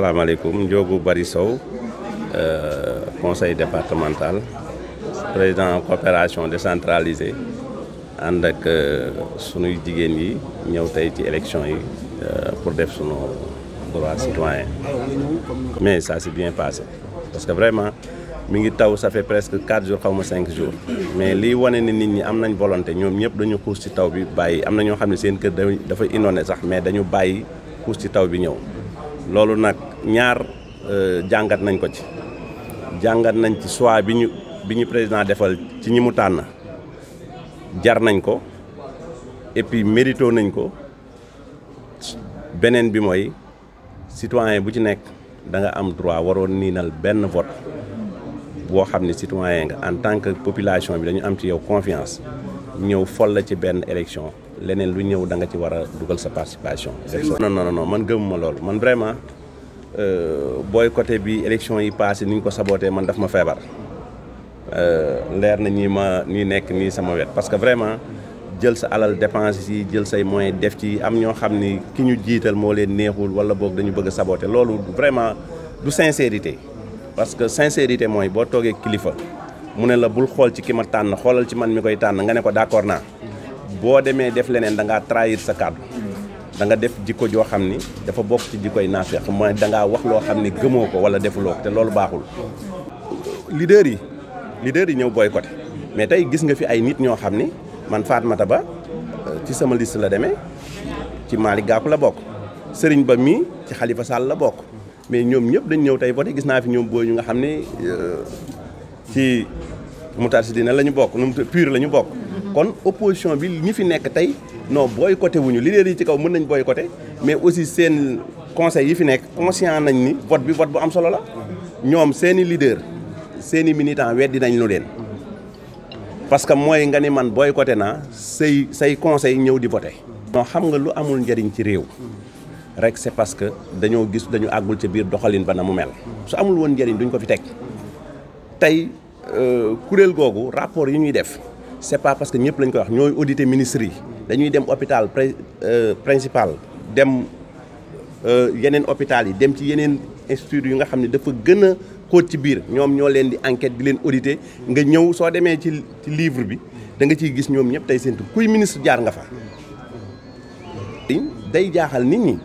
je suis Diogo euh, conseil départemental, président en coopération décentralisée. Nous avons eu l'élection pour défendre les pour des droits citoyens. Mais ça s'est bien passé. Parce que vraiment, ça fait presque 4 jours ou 5 jours. Mais ce que nous une volonté, une volonté, ils ont une course Nous avons Ils ont une course de taux, mais une course de ñaar euh, jàngat nañ ko ci jàngat nañ ci choix bi ñu bi ñu président defal ci ñi mu tànn jar nañ ko et puis mérito nañ ko beneen bi mooy citoyen bu ci nekk danga am droit waroon niinal benn vote boo xam ne citoyen nga en tant que population bi dañu am ci yow confiance ñëw fol la ci benn élection leneen lu ñëw da nga ci war a dugal sa participation. non non non man gëmuma loolu man vraiment. Euh, boycotté bi élection yi passé niñ ko sabootee man daf ma euh leer na ñi ma ñi nek ni sama wet parce que vraiment jël sa alal dépense yi jël say moyens def ci am ño xamni ki ñu jital mo leen neexul wala bok dañu bëgg saboter. saboté vraiment du sincérité parce que sincérité moy bo togué kilifa mu ne la bul xol ci ki ma tànn xoolal ci man mi koy tànn nga ne ko d'accord na bo démé def lénen da nga trahir sa cadre. da nga def jikko joo xam ni dafa bokk ci jikkoy naafeq mooy da ngaa wax loo xam ni gëmoo ko wala defuloo ko te loolu baaxul. leader yi leader yi ñëw booy boycotté mais tey gis nga fi ay nit ñoo xam ni man Fatmata Ba euh, ci sama liste la demee ci Malick Gakou la bokk sëriñ Ba mii ci Khalifa Sall la bokk mais ñoom ñëpp dañ ñëw tey voté gis naa fi ñoom booy ñu nga xam ne euh, ci Moutarchidine la lañu bokk nu mu pur la ñu bokk kon opposition bi ñi fi nekk tey. non boycotté wuñu leader yi ci kaw mën nañ boycotté mais aussi sen conseil yi fi nek conscient nañ ni vote bi vote bu am solo la ñom sen leader sen i militant weddi nañ lu leen parce que moy nga ni man boycotté na say say conseil ñëw di voter non xam nga lu amul njëriñ ci réew rek c'est parce que dañu gis dañu agul ci biir doxalin ba na mu mel su amul won njëriñ duñ ko fi tek tay euh kuréel googu rapport yi ñuy def c'est pas parce que ñëpp lañ ko wax ñoy auditer ministre yi dañuy dem hôpital euh, principal dem euh, yeneen hôpital yi dem ci yeneen institut yu nga xam ne dafa gën a xóot ci biir ñoom ñoo leen di enquête di leen auditer nga ñëw soo demee ci ci livre bi danga ciy gis ñoom ñëpp tey seen kuy ministre jaar nga fa. day jaaxal nit ñi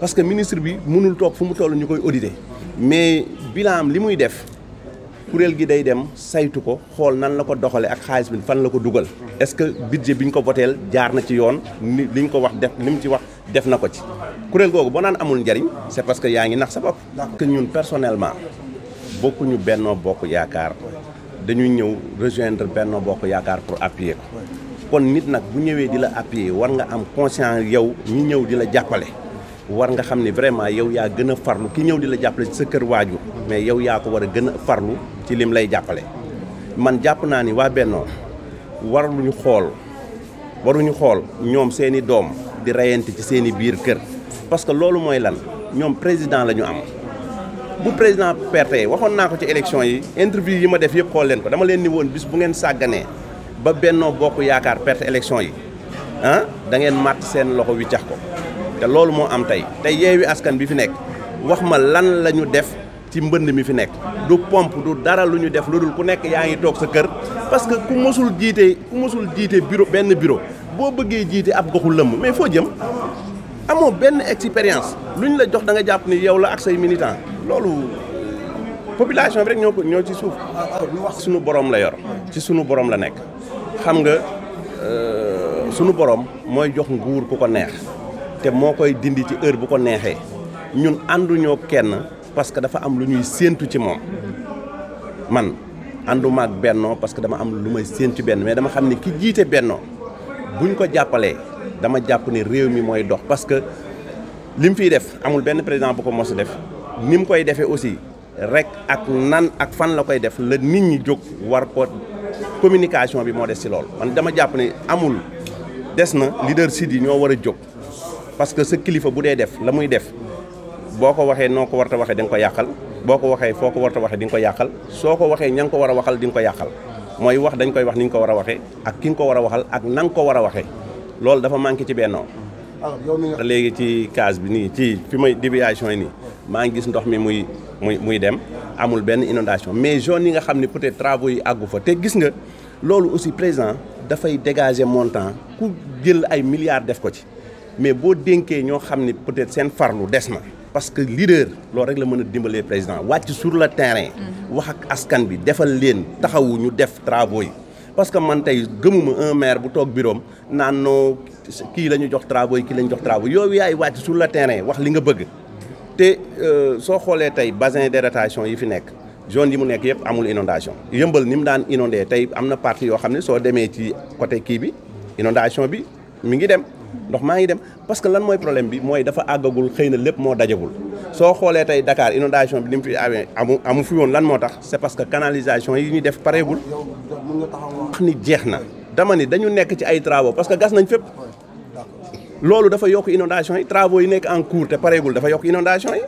parce que ministre bi munul toog fu mu toll ñu koy auditer mais bilan li muy def. kuréel gi day dem saytu ko xool nan la ko doxalee ak xaalis bi fan la ko dugal. est-ce que budget bi ñu ko voteel jaar na ci yoon li ñu ko wax def li mu ci wax def na ko ci. kuréel googu boo naan amul njariñ c'est parce que yaa ngi nax sa bopp. que ñun personnellement bokkuñu Benno Bokk Yaakaar dañuy ñëw rejoindre Benno Bokk Yaakaar pour appuyer ko. kon nit nag bu ñëwee di la appuyer war nga am conscience yow ñi ñëw di la jàppale. war nga xam ne vraiment yow yaa gën a farlu ki ñëw di la jàppale ci sa kër waajur mais yow yaa ko war a gën a farlu ci lim lay jàppale man jàpp naa ni waa Bennoo waruñu xool waruñu xool ñoom seeni doom di reyante ci seeni biir kër parce que loolu mooy lan ñoom président la ñu am bu président perte waxoon naa ko ci élection yi interview yi ma def yëpp xool leen ko dama leen ni woon bis bu ngeen sàgganee ba Bennoo Bokk Yaakaar perte élection yi ah da ngeen màtt seen loxo wi cax ko te loolu moo am tey tey yeewi askan bi fi nekk wax ma lan la ñu def ci mbënd mi fi nekk du pomp du dara lu ñu def lu dul ku nekk yaa ngi toog sa kër parce que ku mosul jiite ku mosul jiite biro benn biro boo bëggee jiite ab goxu lëmm mais foo jëm amoo benn expérience lu ñu la jox da nga jàpp ni yow la ak say militant loolu population bi rek ñoo ko ñoo ci suuf lu wax suñu borom la yor ci suñu borom la nekk xam nga euh, sunu borom mooy jox nguur ku ko neex te moo koy dindi ci heure bu ko neexee ñun ànduñoo kenn parce que dafa am lu ñuy séentu ci moom man ànduma ak bennoo parce que dama am lu may séentu benn mais dama xam ne ki jiite bennoo ñu ko jàppalee dama jàpp ne réew mi mooy dox parce que li mu fiy def amul benn président bu ko mos def ni mu koy defee aussi rek ak nan ak fan la koy def la nit ñi jóg war ko communication bi moo des ci loolu man dama jàpp ne amul des na leader sid yi ñoo war a jóg parce que sa kilifa bu dee def la muy def boo ko waxee noo ko war ta waxee da ko yàqal boo ko waxee foo ko war a waxee di nga ko yàqal soo ko waxee ña ko war a waxal di nga ko yàqal mooy wax dañ koy wax ni nga ko war a waxee ak ki nga ko war a waxal ak na ko war a waxee loolu dafa manqué ci bennoo ah, léegi ci case bi nii ci fi may déviation yi nii maa ngi gis ndox mi muy muy muy dem amul benn inondation mais zone yi nga xam ne peut-être travaux yi àggu fa te gis nga loolu aussi président dafay dégager montant ku jël ay milliards def ko ci mais bo denké ño xam peut-être sen farlu des na parce que leader loolu rek la mëna a président wacc sur le terrain wax ak askan bi défal leen taxawu ñu def travaux parce que man tay gëmuma un maire bu tok biroom naan noo kii la jox travaux ki lañu jox travaux yow yaay wacc sur le terrain wax li nga bëgg te euh, so xolé tay bassin d'érétation yi fi nek zone yi mu nek yépp amul inondation yëmbël nim daan inondé tay amna parti partie yoo xam ne soo ci côté ki bi inondation bi mi ngi dem ndox maa ngi dem parce que lan mooy problème bi mooy dafa àggagul xëy na lépp moo dajagul soo xoolee dakaar inondation bi li mu fi amee amu amu fi woon lan moo tax c'est parce que canalisation yi ñuy def pareegul. wax ni jeex na dama ni dañu nekk ci ay travaux parce que gas nañ fépp. loolu dafa yokk inondation yi travaux yi nekk en cours te pareegul dafa yokk inondation yi.